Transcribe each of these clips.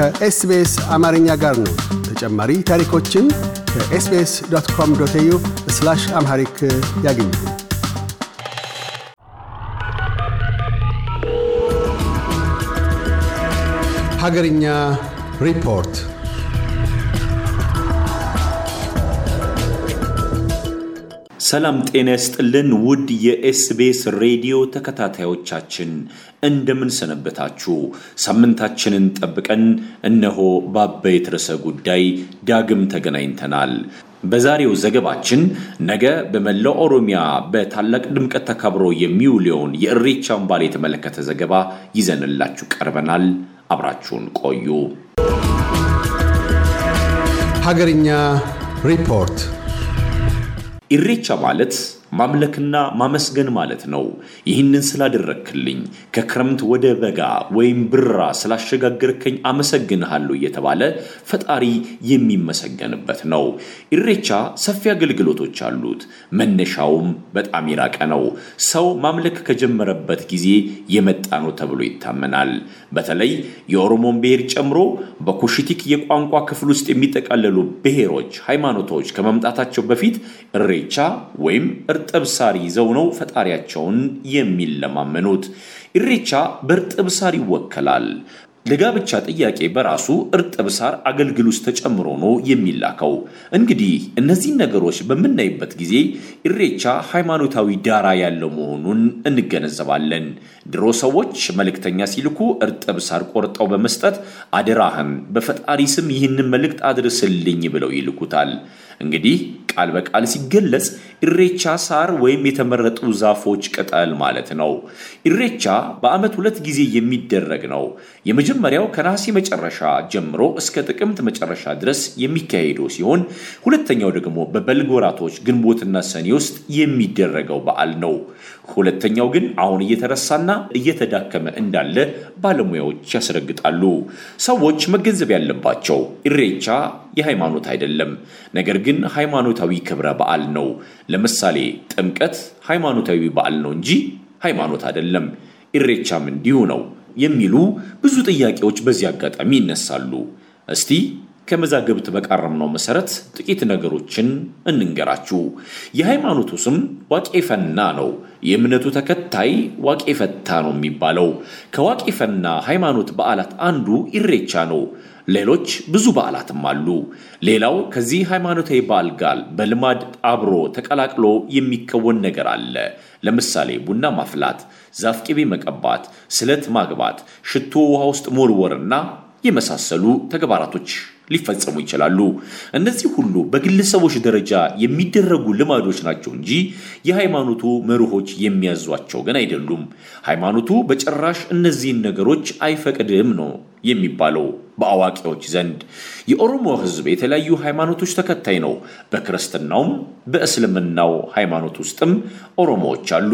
ከኤስቤስ አማርኛ ጋር ነው። ተጨማሪ ታሪኮችን ከኤስቤስ ዶት ኮም ዶት ዩ ስላሽ አምሃሪክ ያገኙ። ሀገርኛ ሪፖርት ሰላም ጤና ይስጥልን ውድ የኤስቤስ ሬዲዮ ተከታታዮቻችን እንደምን ሰነበታችሁ? ሳምንታችንን ጠብቀን እነሆ በአበይት ርዕሰ ጉዳይ ዳግም ተገናኝተናል። በዛሬው ዘገባችን ነገ በመላው ኦሮሚያ በታላቅ ድምቀት ተከብሮ የሚውለውን የእሬቻን በዓል የተመለከተ ዘገባ ይዘንላችሁ ቀርበናል። አብራችሁን ቆዩ። ሀገርኛ ሪፖርት ኢሬቻ ማለት ማምለክና ማመስገን ማለት ነው። ይህንን ስላደረክልኝ ከክረምት ወደ በጋ ወይም ብራ ስላሸጋገርከኝ አመሰግንሃለሁ እየተባለ ፈጣሪ የሚመሰገንበት ነው። ኢሬቻ ሰፊ አገልግሎቶች አሉት። መነሻውም በጣም የራቀ ነው። ሰው ማምለክ ከጀመረበት ጊዜ የመጣ ነው ተብሎ ይታመናል። በተለይ የኦሮሞን ብሔር ጨምሮ በኩሽቲክ የቋንቋ ክፍል ውስጥ የሚጠቃለሉ ብሔሮች፣ ሃይማኖቶች ከመምጣታቸው በፊት እሬቻ ወይም እርጥብ ሳር ይዘው ነው ፈጣሪያቸውን የሚለማመኑት። ኢሬቻ በእርጥብ ሳር ይወከላል። ለጋብቻ ጥያቄ በራሱ እርጥብ ሳር አገልግል ውስጥ ተጨምሮ ነው የሚላከው። እንግዲህ እነዚህን ነገሮች በምናይበት ጊዜ ኢሬቻ ሃይማኖታዊ ዳራ ያለው መሆኑን እንገነዘባለን። ድሮ ሰዎች መልእክተኛ ሲልኩ እርጥብ ሳር ቆርጠው በመስጠት አደራህም በፈጣሪ ስም ይህንን መልእክት አድርስልኝ ብለው ይልኩታል። እንግዲህ ቃል በቃል ሲገለጽ ኢሬቻ ሳር ወይም የተመረጡ ዛፎች ቅጠል ማለት ነው። ኢሬቻ በዓመት ሁለት ጊዜ የሚደረግ ነው። የመጀመሪያው ከነሐሴ መጨረሻ ጀምሮ እስከ ጥቅምት መጨረሻ ድረስ የሚካሄዱ ሲሆን ሁለተኛው ደግሞ በበልግ ወራቶች ግንቦትና ሰኔ ውስጥ የሚደረገው በዓል ነው። ሁለተኛው ግን አሁን እየተረሳና እየተዳከመ እንዳለ ባለሙያዎች ያስረግጣሉ። ሰዎች መገንዘብ ያለባቸው ኢሬቻ የሃይማኖት አይደለም፣ ነገር ግን ሃይማኖታዊ ክብረ በዓል ነው። ለምሳሌ ጥምቀት ሃይማኖታዊ በዓል ነው እንጂ ሃይማኖት አይደለም። ኢሬቻም እንዲሁ ነው። የሚሉ ብዙ ጥያቄዎች በዚህ አጋጣሚ ይነሳሉ። እስቲ ከመዛግብት በቃረምነው መሰረት ጥቂት ነገሮችን እንንገራችሁ። የሃይማኖቱ ስም ዋቄ ፈና ነው። የእምነቱ ተከታይ ዋቄ ፈታ ነው የሚባለው። ከዋቄ ፈና ሃይማኖት በዓላት አንዱ ኢሬቻ ነው። ሌሎች ብዙ በዓላትም አሉ። ሌላው ከዚህ ሃይማኖታዊ በዓል ጋር በልማድ አብሮ ተቀላቅሎ የሚከወን ነገር አለ። ለምሳሌ ቡና ማፍላት፣ ዛፍ ቅቤ መቀባት፣ ስለት ማግባት፣ ሽቶ ውሃ ውስጥ መወርወርና የመሳሰሉ ተግባራቶች ሊፈጸሙ ይችላሉ። እነዚህ ሁሉ በግለሰቦች ደረጃ የሚደረጉ ልማዶች ናቸው እንጂ የሃይማኖቱ መርሆች የሚያዟቸው ግን አይደሉም። ሃይማኖቱ በጭራሽ እነዚህን ነገሮች አይፈቅድም ነው የሚባለው በአዋቂዎች ዘንድ። የኦሮሞ ሕዝብ የተለያዩ ሃይማኖቶች ተከታይ ነው። በክርስትናውም በእስልምናው ሃይማኖት ውስጥም ኦሮሞዎች አሉ።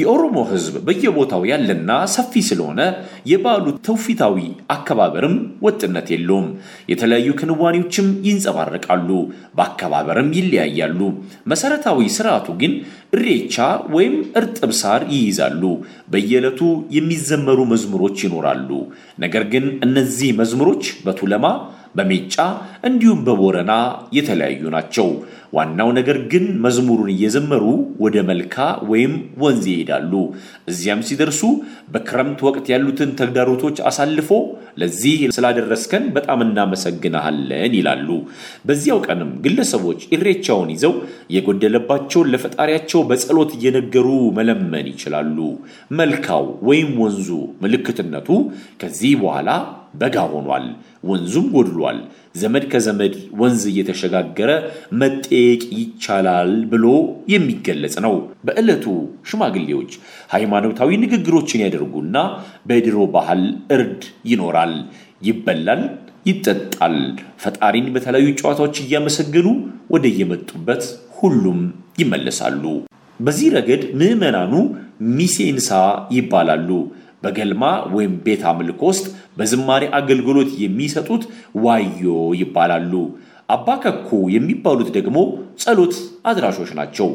የኦሮሞ ህዝብ በየቦታው ያለና ሰፊ ስለሆነ የበዓሉ ተውፊታዊ አከባበርም ወጥነት የለውም። የተለያዩ ክንዋኔዎችም ይንጸባረቃሉ፣ በአከባበርም ይለያያሉ። መሰረታዊ ስርዓቱ ግን እሬቻ ወይም እርጥብ ሳር ይይዛሉ። በየዕለቱ የሚዘመሩ መዝሙሮች ይኖራሉ። ነገር ግን እነዚህ መዝሙሮች በቱለማ በሜጫ እንዲሁም በቦረና የተለያዩ ናቸው። ዋናው ነገር ግን መዝሙሩን እየዘመሩ ወደ መልካ ወይም ወንዝ ይሄዳሉ። እዚያም ሲደርሱ በክረምት ወቅት ያሉትን ተግዳሮቶች አሳልፎ ለዚህ ስላደረስከን በጣም እናመሰግናሃለን ይላሉ። በዚያው ቀንም ግለሰቦች ኢሬቻውን ይዘው የጎደለባቸውን ለፈጣሪያቸው በጸሎት እየነገሩ መለመን ይችላሉ። መልካው ወይም ወንዙ ምልክትነቱ ከዚህ በኋላ በጋ ሆኗል። ወንዙም ጎድሏል። ዘመድ ከዘመድ ወንዝ እየተሸጋገረ መጠየቅ ይቻላል ብሎ የሚገለጽ ነው። በዕለቱ ሽማግሌዎች ሃይማኖታዊ ንግግሮችን ያደርጉና በድሮ ባህል እርድ ይኖራል፣ ይበላል፣ ይጠጣል። ፈጣሪን በተለያዩ ጨዋታዎች እያመሰገኑ ወደ የመጡበት ሁሉም ይመለሳሉ። በዚህ ረገድ ምዕመናኑ ሚሴንሳ ይባላሉ። በገልማ ወይም ቤት አምልኮ ውስጥ በዝማሬ አገልግሎት የሚሰጡት ዋዮ ይባላሉ። አባ ከኮ የሚባሉት ደግሞ ጸሎት አድራሾች ናቸው።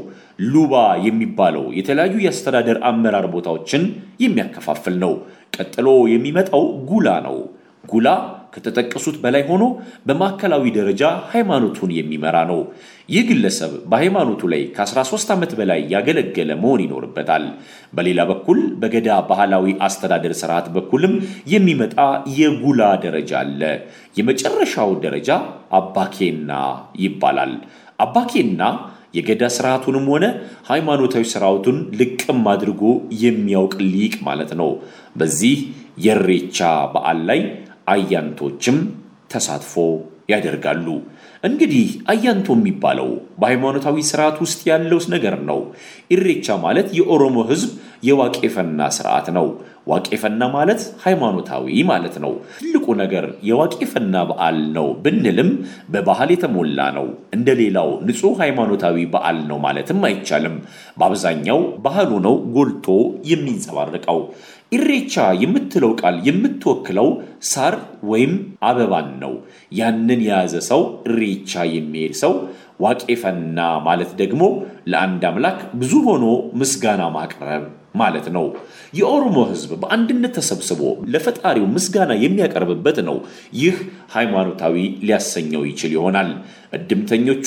ሉባ የሚባለው የተለያዩ የአስተዳደር አመራር ቦታዎችን የሚያከፋፍል ነው። ቀጥሎ የሚመጣው ጉላ ነው። ጉላ ከተጠቀሱት በላይ ሆኖ በማዕከላዊ ደረጃ ሃይማኖቱን የሚመራ ነው። ይህ ግለሰብ በሃይማኖቱ ላይ ከ13 ዓመት በላይ ያገለገለ መሆን ይኖርበታል። በሌላ በኩል በገዳ ባህላዊ አስተዳደር ስርዓት በኩልም የሚመጣ የጉላ ደረጃ አለ። የመጨረሻው ደረጃ አባኬና ይባላል። አባኬና የገዳ ስርዓቱንም ሆነ ሃይማኖታዊ ስርዓቱን ልቅም አድርጎ የሚያውቅ ሊቅ ማለት ነው። በዚህ የሬቻ በዓል ላይ አያንቶችም ተሳትፎ ያደርጋሉ። እንግዲህ አያንቶ የሚባለው በሃይማኖታዊ ስርዓት ውስጥ ያለው ነገር ነው። ኢሬቻ ማለት የኦሮሞ ህዝብ የዋቄፈና ስርዓት ነው። ዋቄፈና ማለት ሃይማኖታዊ ማለት ነው። ትልቁ ነገር የዋቄፈና በዓል ነው ብንልም በባህል የተሞላ ነው። እንደ ሌላው ንጹህ ሃይማኖታዊ በዓል ነው ማለትም አይቻልም። በአብዛኛው ባህሉ ነው ጎልቶ የሚንጸባረቀው። ኢሬቻ የምትለው ቃል የምትወክለው ሳር ወይም አበባን ነው። ያንን የያዘ ሰው ኢሬቻ የሚሄድ ሰው ዋቄፈና ማለት ደግሞ ለአንድ አምላክ ብዙ ሆኖ ምስጋና ማቅረብ ማለት ነው። የኦሮሞ ሕዝብ በአንድነት ተሰብስቦ ለፈጣሪው ምስጋና የሚያቀርብበት ነው። ይህ ሃይማኖታዊ ሊያሰኘው ይችል ይሆናል። እድምተኞቹ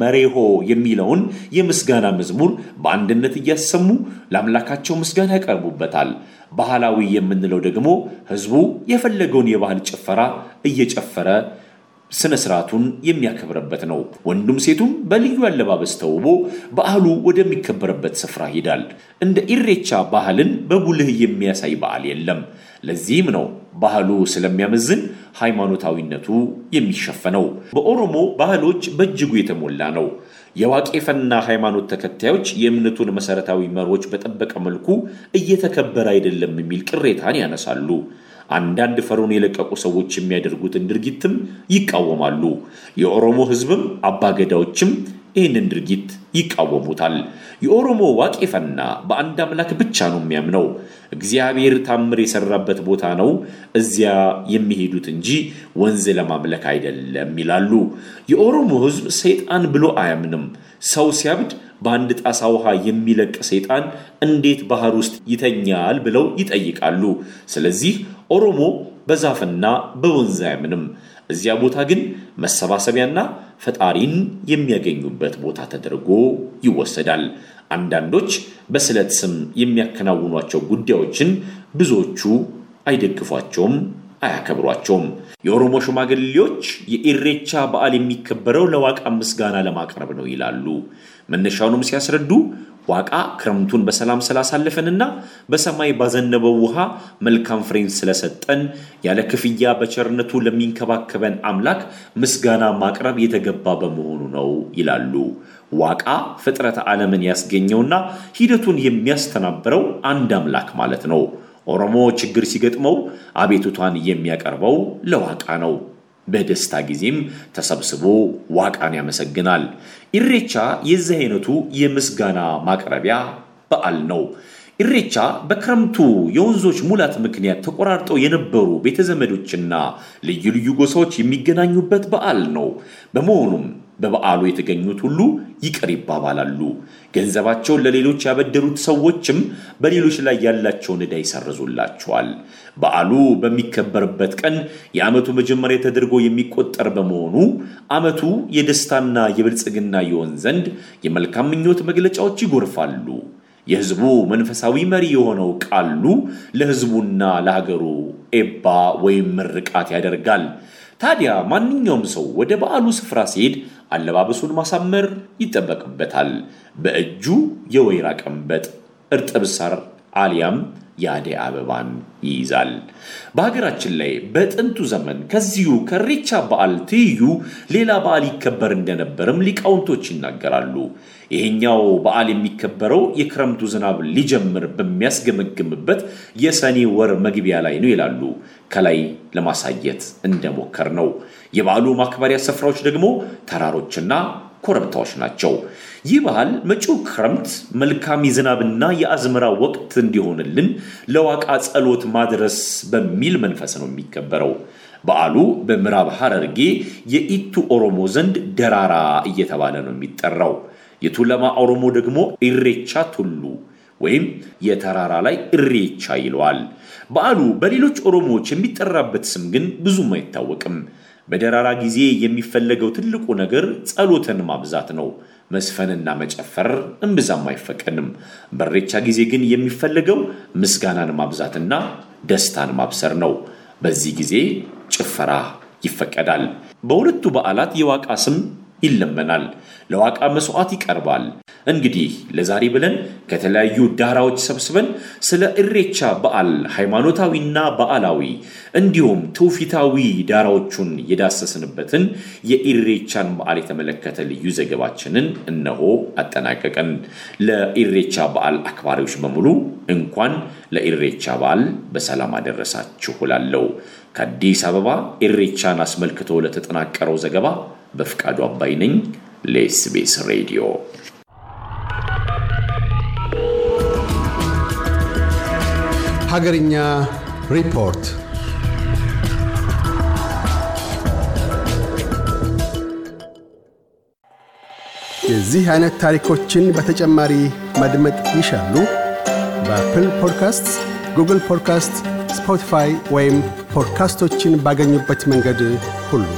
መሬሆ የሚለውን የምስጋና መዝሙር በአንድነት እያሰሙ ለአምላካቸው ምስጋና ያቀርቡበታል። ባህላዊ የምንለው ደግሞ ህዝቡ የፈለገውን የባህል ጭፈራ እየጨፈረ ስነ ስርዓቱን የሚያከብርበት ነው። ወንዱም ሴቱም በልዩ አለባበስ ተውቦ በዓሉ ወደሚከበርበት ስፍራ ይሄዳል። እንደ ኢሬቻ ባህልን በጉልህ የሚያሳይ በዓል የለም። ለዚህም ነው ባህሉ ስለሚያመዝን ሃይማኖታዊነቱ የሚሸፈነው። በኦሮሞ ባህሎች በእጅጉ የተሞላ ነው። የዋቄፈና ሃይማኖት ተከታዮች የእምነቱን መሰረታዊ መሮች በጠበቀ መልኩ እየተከበረ አይደለም የሚል ቅሬታን ያነሳሉ። አንዳንድ ፈሩን የለቀቁ ሰዎች የሚያደርጉትን ድርጊትም ይቃወማሉ። የኦሮሞ ሕዝብም አባገዳዎችም ይህንን ድርጊት ይቃወሙታል። የኦሮሞ ዋቄፈና በአንድ አምላክ ብቻ ነው የሚያምነው። እግዚአብሔር ታምር የሰራበት ቦታ ነው እዚያ የሚሄዱት እንጂ ወንዝ ለማምለክ አይደለም ይላሉ። የኦሮሞ ሕዝብ ሰይጣን ብሎ አያምንም። ሰው ሲያብድ በአንድ ጣሳ ውሃ የሚለቅ ሰይጣን እንዴት ባህር ውስጥ ይተኛል ብለው ይጠይቃሉ። ስለዚህ ኦሮሞ በዛፍና በወንዝ አያምንም። እዚያ ቦታ ግን መሰባሰቢያና ፈጣሪን የሚያገኙበት ቦታ ተደርጎ ይወሰዳል። አንዳንዶች በስለት ስም የሚያከናውኗቸው ጉዳዮችን ብዙዎቹ አይደግፏቸውም፣ አያከብሯቸውም። የኦሮሞ ሽማግሌዎች የኢሬቻ በዓል የሚከበረው ለዋቃ ምስጋና ለማቅረብ ነው ይላሉ። መነሻውንም ሲያስረዱ ዋቃ ክረምቱን በሰላም ስላሳለፈንና በሰማይ ባዘነበው ውሃ መልካም ፍሬን ስለሰጠን ያለ ክፍያ በቸርነቱ ለሚንከባከበን አምላክ ምስጋና ማቅረብ የተገባ በመሆኑ ነው ይላሉ። ዋቃ ፍጥረት ዓለምን ያስገኘውና ሂደቱን የሚያስተናብረው አንድ አምላክ ማለት ነው። ኦሮሞ ችግር ሲገጥመው አቤቱቷን የሚያቀርበው ለዋቃ ነው። በደስታ ጊዜም ተሰብስቦ ዋቃን ያመሰግናል። ኢሬቻ የዚህ አይነቱ የምስጋና ማቅረቢያ በዓል ነው። ኢሬቻ በክረምቱ የወንዞች ሙላት ምክንያት ተቆራርጠው የነበሩ ቤተዘመዶችና ልዩ ልዩ ጎሳዎች የሚገናኙበት በዓል ነው። በመሆኑም በበዓሉ የተገኙት ሁሉ ይቅር ይባባላሉ። ገንዘባቸውን ለሌሎች ያበደሩት ሰዎችም በሌሎች ላይ ያላቸውን ዕዳ ይሰርዙላቸዋል። በዓሉ በሚከበርበት ቀን የዓመቱ መጀመሪያ ተደርጎ የሚቆጠር በመሆኑ ዓመቱ የደስታና የብልጽግና ይሆን ዘንድ የመልካም ምኞት መግለጫዎች ይጎርፋሉ። የሕዝቡ መንፈሳዊ መሪ የሆነው ቃሉ ለሕዝቡና ለሀገሩ ኤባ ወይም ምርቃት ያደርጋል። ታዲያ ማንኛውም ሰው ወደ በዓሉ ስፍራ ሲሄድ አለባበሱን ማሳመር ይጠበቅበታል። በእጁ የወይራ ቀንበጥ፣ እርጥብ ሳር አሊያም ያዴ አበባን ይይዛል። በሀገራችን ላይ በጥንቱ ዘመን ከዚሁ ከሬቻ በዓል ትይዩ ሌላ በዓል ይከበር እንደነበርም ሊቃውንቶች ይናገራሉ። ይሄኛው በዓል የሚከበረው የክረምቱ ዝናብ ሊጀምር በሚያስገመግምበት የሰኔ ወር መግቢያ ላይ ነው ይላሉ። ከላይ ለማሳየት እንደሞከር ነው። የበዓሉ ማክበሪያ ስፍራዎች ደግሞ ተራሮችና ኮረብታዎች ናቸው። ይህ ባህል መጪው ክረምት መልካም የዝናብና የአዝመራ ወቅት እንዲሆንልን ለዋቃ ጸሎት ማድረስ በሚል መንፈስ ነው የሚከበረው። በዓሉ በምዕራብ ሐረርጌ የኢቱ ኦሮሞ ዘንድ ደራራ እየተባለ ነው የሚጠራው። የቱለማ ኦሮሞ ደግሞ ኢሬቻ ቱሉ ወይም የተራራ ላይ እሬቻ ይለዋል። በዓሉ በሌሎች ኦሮሞዎች የሚጠራበት ስም ግን ብዙም አይታወቅም። በደራራ ጊዜ የሚፈለገው ትልቁ ነገር ጸሎትን ማብዛት ነው። መስፈንና መጨፈር እምብዛም አይፈቀድም። በሬቻ ጊዜ ግን የሚፈለገው ምስጋናን ማብዛትና ደስታን ማብሰር ነው። በዚህ ጊዜ ጭፈራ ይፈቀዳል። በሁለቱ በዓላት የዋቃ ስም ይለመናል፣ ለዋቃ መስዋዕት ይቀርባል። እንግዲህ ለዛሬ ብለን ከተለያዩ ዳራዎች ሰብስበን ስለ እሬቻ በዓል ሃይማኖታዊና በዓላዊ እንዲሁም ትውፊታዊ ዳራዎቹን የዳሰስንበትን የኢሬቻን በዓል የተመለከተ ልዩ ዘገባችንን እነሆ አጠናቀቀን። ለኢሬቻ በዓል አክባሪዎች በሙሉ እንኳን ለኢሬቻ በዓል በሰላም አደረሳችሁ እላለሁ። ከአዲስ አበባ ኢሬቻን አስመልክቶ ለተጠናቀረው ዘገባ በፍቃዱ አባይ ነኝ ለኤስቢኤስ ሬዲዮ። ሀገርኛ ሪፖርት የዚህ አይነት ታሪኮችን በተጨማሪ ማድመጥ ይሻሉ? በአፕል ፖድካስት፣ ጉግል ፖድካስት፣ ስፖቲፋይ ወይም ፖድካስቶችን ባገኙበት መንገድ ሁሉ